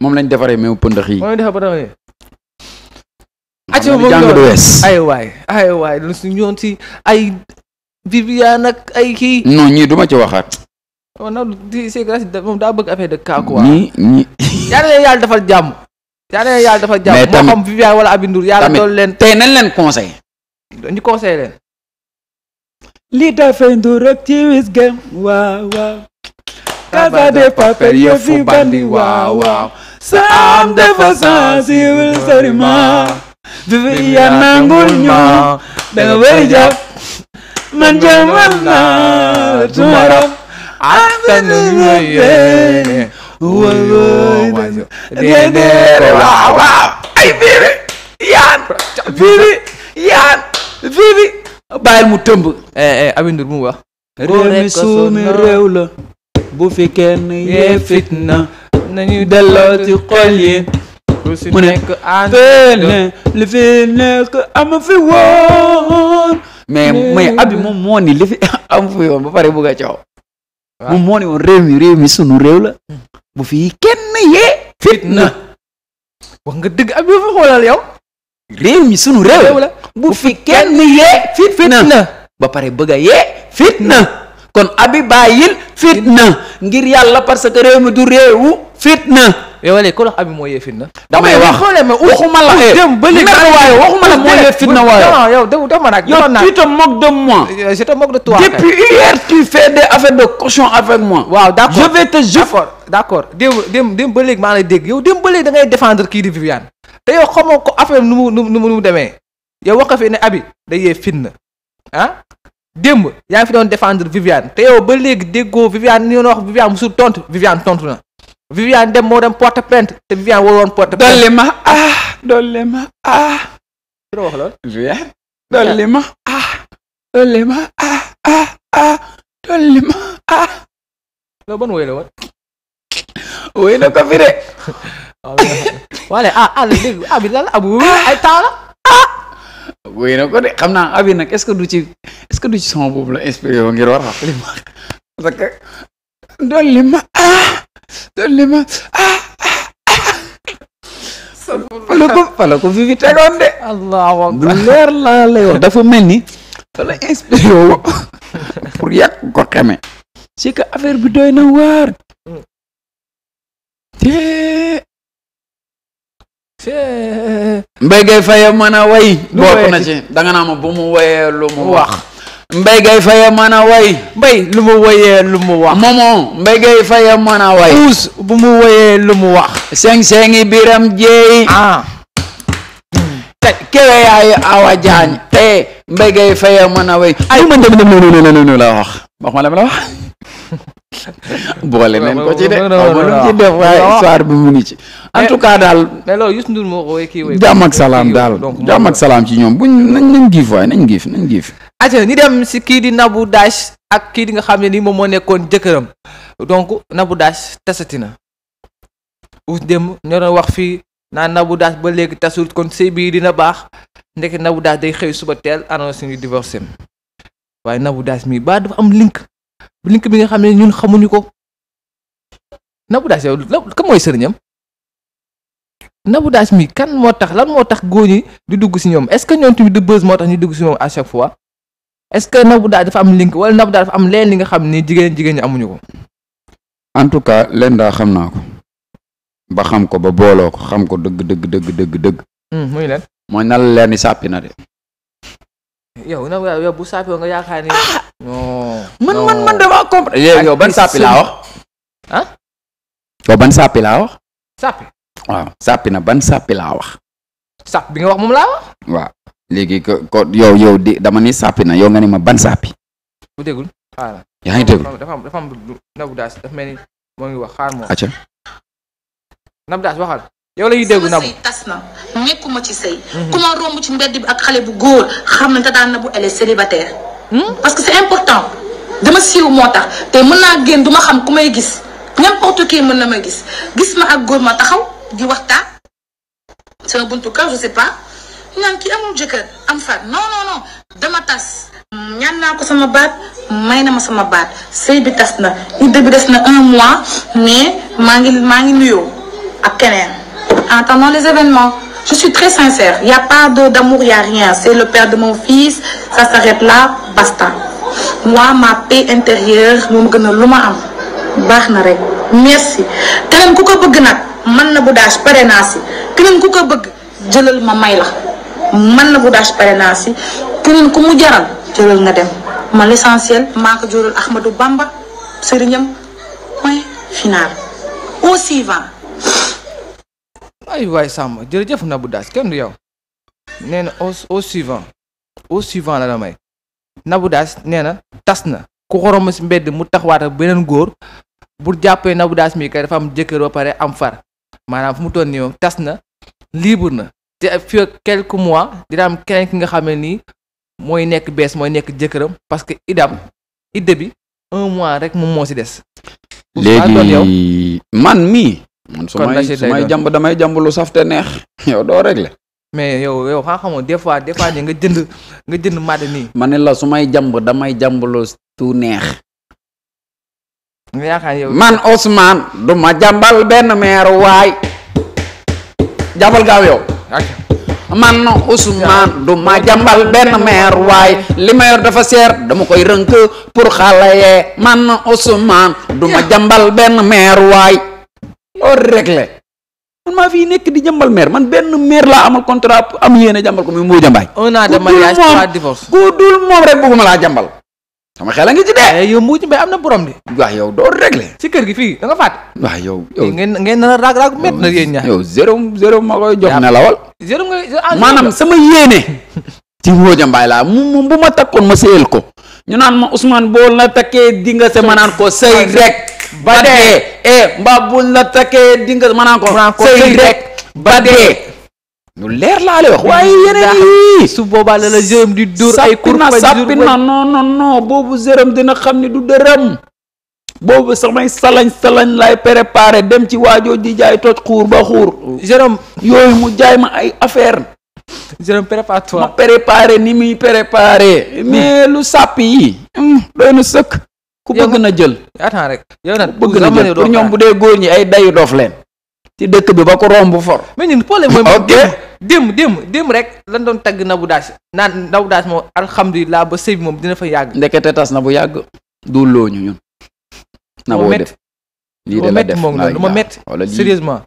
moom lañ defaree meew pëndëx yi. moom lañ defaree pëndëx yi. jàng lu si ñoon si ay Viviane ak ay kii. non ñii du ci waxaat. waaw oh, non di moom daa bëgg affaire de cas quoi. ñii ñii. yàlla na yàlla defal jàmm. yàlla na yàlla moo xam Viviane wala Aby Ndour yàlla doon leen. tey nañ leen conseil. ñu conseil leen. li dafay ndur ak ci wis gem waaw waaw. sam dafa sensible seulement bi yaa nangul ñu danga bëri man jàmmal naa tuma rab attanu ñu yéene woywoy déedéere waaw waaw ay bibi yaan bibi yaan bibi bàyyil mu tëmb eh, eh, abindur mu wax réew mi suumi réew la bu fi kenn yee fitna nañu delloo ci xol yi nekk ànd li fi nekk ama fi woon mais mais abi moom moo ni li fi am fi woon ba pare bëgg coow moom moo ni woon réew mi réew mi sunu réew la hmm. bu fi kenn yee fitna nga dëgg abi fa xoolal fi kenn ba pare bëgg a yee fitna hmm. kon abi bàyyil fitna hmm. ngir yàlla parce que réew mi du réewu fitna. yow léegi ku la abi moo yee fitna. damay waxuma la moo yee fitna yow dégg de moi. je te ba léegi maa lay dégg yow démb ba léegi da défendre kii di Viviane. te yow xamoo ko affaire nu mu nu mu demee yow wax nga ne abi day yee fitna ah. démb yaa ngi fi doon défendre Viviane te yow ba léegi déggoo Viviane ni ñu wax Viviane musul tontu Viviane tontu na Viviane dem moo dem porte plainte te Viviane waroon porte plainte. dolli ma ah dolli ma ah. dina wax ma ah dolli ma ah ah ah ma ah. loolu ban woy la woon. woy na ko fi de. wala ah ah ah, ah. ah. woy na de xam naa abi nag est-ce que du ci est que du ci son boobu la inspiré ngir war a wax ma parce que ma ah. doon li ma ah, ah, ah. fala fala ko fi fi tegoon de leer laa lay wax dafa mel ni fa la inspiré woo pour ko xeme c'est que affaire bi doy na waar te mbéy gay faye mën a way bokk na ci danga bu mu wayee lu mu wax Mbaye Gueye Faye mën a way Mbaye lu mu woyee lu mu wax Momo Mbaye Gueye Faye mën way Ous bu mu woyee lu mu wax seng-sengi biram jeey ah. kewe yaay te Mbaye Gueye Faye mën way ay dem dem nunu la wax wax ma la wax boole neen ko ci de xaw ma lu ci def waaye histoire mu ngi en eh, tout cas daal. mais eh, loolu Youssou Ndour moo ko woy ak salaam daal jàmm ak salaam ci ñoom buñ nañ nañ giif waaye nañ giif nañ giif. atia ñu dem si kii di nabu Dash ak kii di nga xam ne nii moom moo nekkoon jëkkëram donc nabu Dash tasati na. us dem ñoo wax fii naan Nabou Dash ba léegi tasul kon sëy bii dina baax ndekki Nabou Dash day xëy suba teel annoncé ñu divorcé waaye Nabou Dash mii ba dafa am link link bi nga xam ne ñun xamuñu ko Nabou Dash yow kan mooy sëriñam. Nabou Dash mi kan moo tax lan moo tax góor ñi di dugg si ñoom est-ce que ñoom tamit du buzz moo tax ñu dugg si ñoom à chaque fois est-ce que Nabou Dash dafa am link wala Nabou Dash dafa am leen li nga xam ni jigéen jigéen ñi amuñu ko. en tout cas leen daa xam naa ko ba xam ko ba booloo ko xam ko dëgg dëgg dëgg dëgg dëgg. Hmm, muy leen mooy nal leen ni sàppi na de. yow nag yow bu sàppee nga yaakaar ni. Ah! man man man damaa comprendre. Ah? yow ban sàppi laa sàppi laa wax. sàppi. waaw sàppi na ban sàppi laa wax. sàpp bi nga wax moom laa wax. waaw léegi ko ko yow yow di dama ni sàppi na yow nga ni ma ban sàppi. bu déggul xaaral. yaa ngi déglu dafa am dafa am Nabou ni moo ngi wax xaar moom. acca. Nabou Dash waxal. yow la sëy tas na nekkuma ci sëy. Mhm. ku ma romb ci mbedd bi ak xale bu góor xam ne te daan na bu elle est hmm? parce que c'est important. dama siiw moo tax te mën naa génn du ma xam ku may gis n'importe qui mën na ma gis gis ma ak góor ma taxaw. di waxtaan sama buntu kaw je sais pas naan kii amul jëkkër am far non non non dama tas ñaan naa ko sama baat may na ma sama baat sëy bi tas na idée bi des na un mois mais maa ngi maa ngi nuyoo ak keneen en attendant les événements je suis très sincère y a pas de d'amour y rien c'est le père de mon fils ça s'arrête là basta moi ma paix intérieure moom gën a lu ma am baax na rek merci keneen ku ko bëgg nag man na bu daaj pare naa keneen ku ko bëgg jëlal ma may man na bu daaj pare naa si keneen ku mu jaral jëlal nga dem man l'essentiel maa ko jural Ahmadou Bamba sëriñam point final au suivant. ay waay Samba jërëjëf na bu daas kenn du yow nee na au au au suivant la la may Nabou Daas nee na tas na ku xorom si mbedd mu taxawaat ak beneen góor bu jàppee na Daas mi kay dafa am jëkkër ba pare am far maanaam fu mu toll nii moom tas na libre na te fii ak quelques mois dina am keneen ki nga xam ne nii mooy nekk bees mooy nekk jëkkëram parce que idam idda bi un mois rek moom moo si des. léegi man mii. man su may su may jàmb damay jàmb lu saf neex. yow doo régler. mais yow yow xam xamoo des fois des nga jënd nga jënd màdd nii. ma ne la su may jàmb damay jàmb lu tu neex. man Ousmane du jàmbal benn meer waay jàmbal gaaw jàmbal benn meer li ma yor dafa seer dama koy rënk pour xale yee man Ousmane du ma jàmbal benn meer waay loolu réglé man maa fii nekk di jàmbal meer man benn meer laa amal contrat am yéene jàmbal ko muy Mbodia Mbaye. ku dul moom rek bëgguma laa jàmbal. sama xel a ngi ci dee. Eh, yow Mbodj Mbaye am na borom de. waaw yow doo réglé. ci kër gi fii da nga fàtte. waaw yow yow ngeen ngeen nar a raag raag met na yéen ñaar. zéro ma koy jox ne lawal. zéro nga ah, maanaam sama yéene. ci Mbodj Mbaye laa moom bu ma takkoon ma sëyal ko. ñu naan ma Ousmane boo la takkee di nga se ma naan ko sëy rek. ba dee eh mbaa bu la takkee di nga ma naan ko. sëy rek ba dee. ñu leer laa waaye yeneen yi su boobaa la la jërëm di dóor ay kurpa sàppi na non non non boobu jërëm dina xam ne du dërëm boobu samay salañ salañ lay préparé dem ci waajoo di jaay toj xuur ba xuur jërëm yooyu mu jaay ma ay affaire jërëm prépare toi ma préparé ni muy préparé mais hmm. lu sàpp yi hmm, doy sëkk ku bëgg na jël attends rek yow bëgg na jël pour ñoom bu dee góor ñi ay dayu dof leen ci dëkk bi ba ko romb for. mais ñun problème mooy. ok dém démb démb rek lan doon tagg Nabou Dash naan Nabou Dash moom alhamdulilah ba sëy moom dina fa yàgg. ndekete tas na bu yàgg. du loo ñu ñun. na boo def lii de la def moom ma métti sérieusement